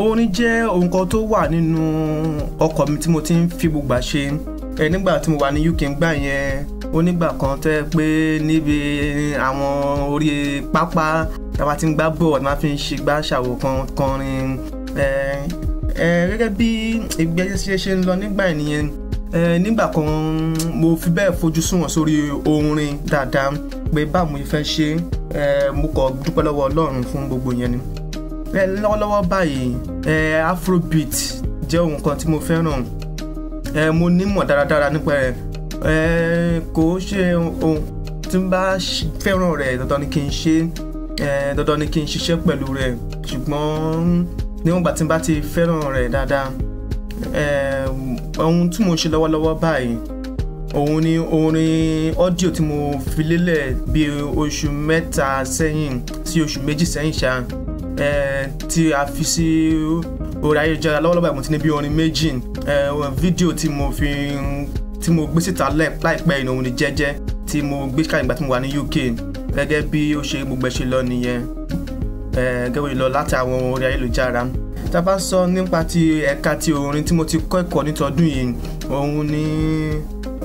orin jẹ́ ohun kan tó wà nínú ọkọ̀ mi tí mo ti ń fi gbogbo ṣe ẹ nígbà tí mo wà ní UK ńgbà yẹn onígbà kan tẹ́ pé níbi àwọn orí pápá tàbá ti ń gbá bọ̀ tí wọ́n fi ń ṣe gbá ṣàwò kan kọrin gẹ́gẹ́ bí ìgbésẹ̀ ṣe ń lọ nígbà yẹn nígbà kan mo fi bẹ́ẹ̀ fojú sunwọ̀n sórí orin dáadáa pé báwo mo fẹ́ ṣe mo kọ̀ dúpẹ́ lọ́wọ́ Ọlọ́run fún gbogbo yẹn ni lọ́wọ́lọ́wọ́ báyìí afrobeat jẹ́ ohun kan tí mo fẹ́ràn mo nímọ̀ dáradára nípa rẹ̀ kò ṣe ohun tí n bá fẹ́ràn rẹ̀ dandan ni kí n ṣe dandan ni kí n ṣiṣẹ́ pẹ̀lú rẹ̀ ṣùgbọ́n níwọ̀n gbà tí n bá ti fẹ́ràn rẹ̀ dáadáa ohun tí mo ń ṣe lọ́wọ́lọ́wọ́ báyìí òun ni orin ọ́díò tí mo fi lélẹ̀ bíi oṣù mẹ́ta sẹ́yìn sí oṣù méjì sẹ́yìn ṣáà tí a fi sí orí ayélujára lọ́wọ́lọ́wọ́ àmọ́ tí ní bí orin méjì fídíò tí mo fi tí mo gbé síta láìpẹ́ ìnáwó ni jẹ́jẹ́ tí mo gbé ká ìgbà tí mo wà ní UK gẹ́gẹ́ bí ó ṣe gbogbo ẹ̀ ṣe lọ nìyẹn gẹ́gẹ́ bí lọ láti àwọn orí ayélujára tá a bá sọ nípa ti ẹ̀ka ti orin tí mo ti kọ́ ẹ̀kọ́ nítọdún yìí òun ni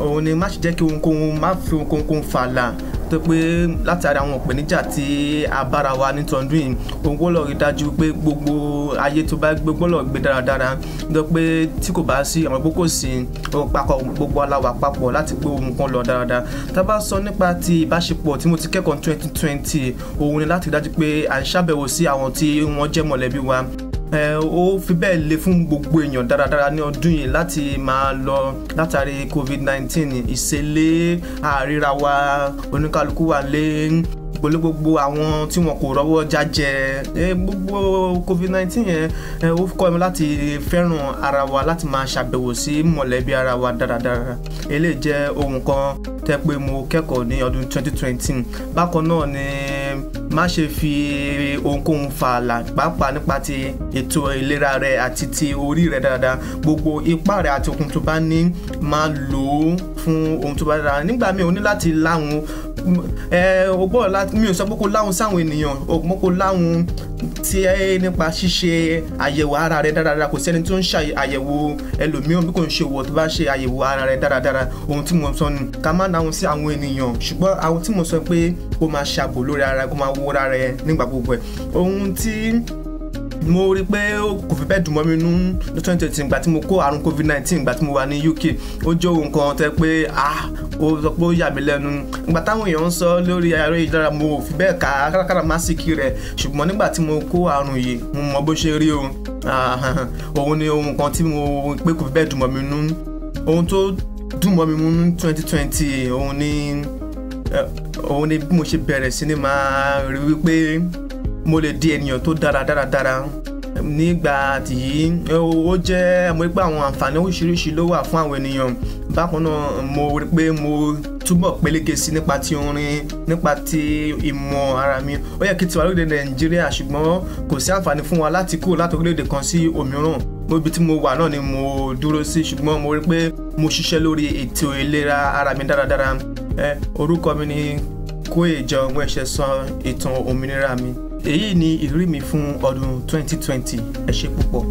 òun ni má ṣe jẹ́ kí ohunkóhun má fi ohunkóhun fàlà tó pé látara àwọn ìpèníjà tí a bára wa ní tọdún yìí òun gbọ́dọ̀ rí dájú pé gbogbo ayé tó bá gbé gbọ́dọ̀ gbé dáradára tó pé tí kò bá sí àwọn gbogbo sí ohun papọ̀ gbogbo aláwà papọ̀ láti gbé ohun kan lọ dáradára tá a bá sọ nípa ti ìbáṣepọ̀ tí mo ti kẹ́kọ̀ọ́ twenty twenty òun ni láti dájú pé à ń ṣàbẹ̀wò sí àwọn tí wọ́n jẹ́ mọ̀lẹ́bí wa ó fi bẹ́ẹ̀ le fún gbogbo èèyàn dáradára ní ọdún yìí láti máa lọ látàrí covid-19 ìṣẹ̀lẹ̀ àríra wa oníkálukú wa lé gbogbo àwọn tí wọn kò rọ́wọ́ jájẹ gbogbo covid nineteen yẹn ó kọ́ mi láti fẹ́ràn ara wa láti máa ṣàbẹ̀wò sí mọ̀lẹ́bí ara wa dáradára eléyìí jẹ́ ohun kan tẹ́ pé mo kẹ́kọ̀ọ́ ní ọdún 2020 bákan náà ni má ṣe fi ohunkóhun fa àlà pàápàá nípa ti ètò ìlera rẹ àti ti orí rẹ dáadáa gbogbo ipá rẹ àti okun tó bá ní máa lò ó fún ohun tó bá dára nígbà míì o ní láti láwọn ẹ o gbọ́dọ̀ láti mi ò sọ pé kó láhùn sáwọn ènìyàn o mọ́ kó láhùn tí ẹ nípa ṣíṣe àyẹ̀wò ara rẹ dáradára kò sẹ́ni tó ń ṣe àyẹ̀wò ẹlòmíràn bí kò ń ṣe òwò tó bá ṣe àyẹ̀wò ara rẹ dáradára ohun tí mo sọ ni ká má náhùn sí àwọn ènìyàn ṣùgbọ́n àwọn tí mo sọ pé kó máa ṣàbò lórí ara kó máa wo ara rẹ nígbà gbogbo ẹ̀ ohun tí mo rí i pé kò fi bẹ́ẹ̀ dùn mọ́ mi nú ní twenty twenty ìgbà tí mo kó àrùn covid nineteen ìgbà tí mo wà ní UK ó jẹ́ ohun kan tẹ́ pé ah ó sọ pé ó yà mí lẹ́nu ìgbà táwọn èèyàn ń sọ lórí ayọ̀ ìdára mo ò fi bẹ́ẹ̀ ka kárakára másìkì rẹ̀ ṣùgbọ́n nígbà tí mo kó àrùn yìí mo mọ bó ṣe rí o òun ni ohun kan tí mo pé kò fi bẹ́ẹ̀ dùn mọ́ mi nú ohun tó dùn mọ́ mi nú twenty twenty òun ni eh, òun ni bí mo ṣe bẹ̀rẹ̀ sí ni máa rí wípé mo lè di ènìyàn tó dára dáradára nígbà tí ó jẹ́ mo rí pé àwọn àǹfààní oríṣiríṣi ló wà fún àwọn ènìyàn bákan náà mo rí pé mo túbọ̀ peléke sí nípa ti orin nípa ti ìmọ̀ ara mi ó yẹ kí tiwa lórílẹ̀ nàìjíríà ṣùgbọ́n kò sí àǹfààní fún wa láti kúrò láti orílẹ̀-èdè kan sí òmíràn mo ibi tí mo wà náà ni mo dúró sí ṣùgbọ́n mo rí pé mo ṣiṣẹ́ lórí ètò ìlera ara mi dáradára orúkọ mi ni Koyèjọ Owóẹ̀ṣẹ̀san ìtàn òmìnira mi èyí ni ìrírí mi fún ọdún 2020 ẹ ṣé púpọ̀.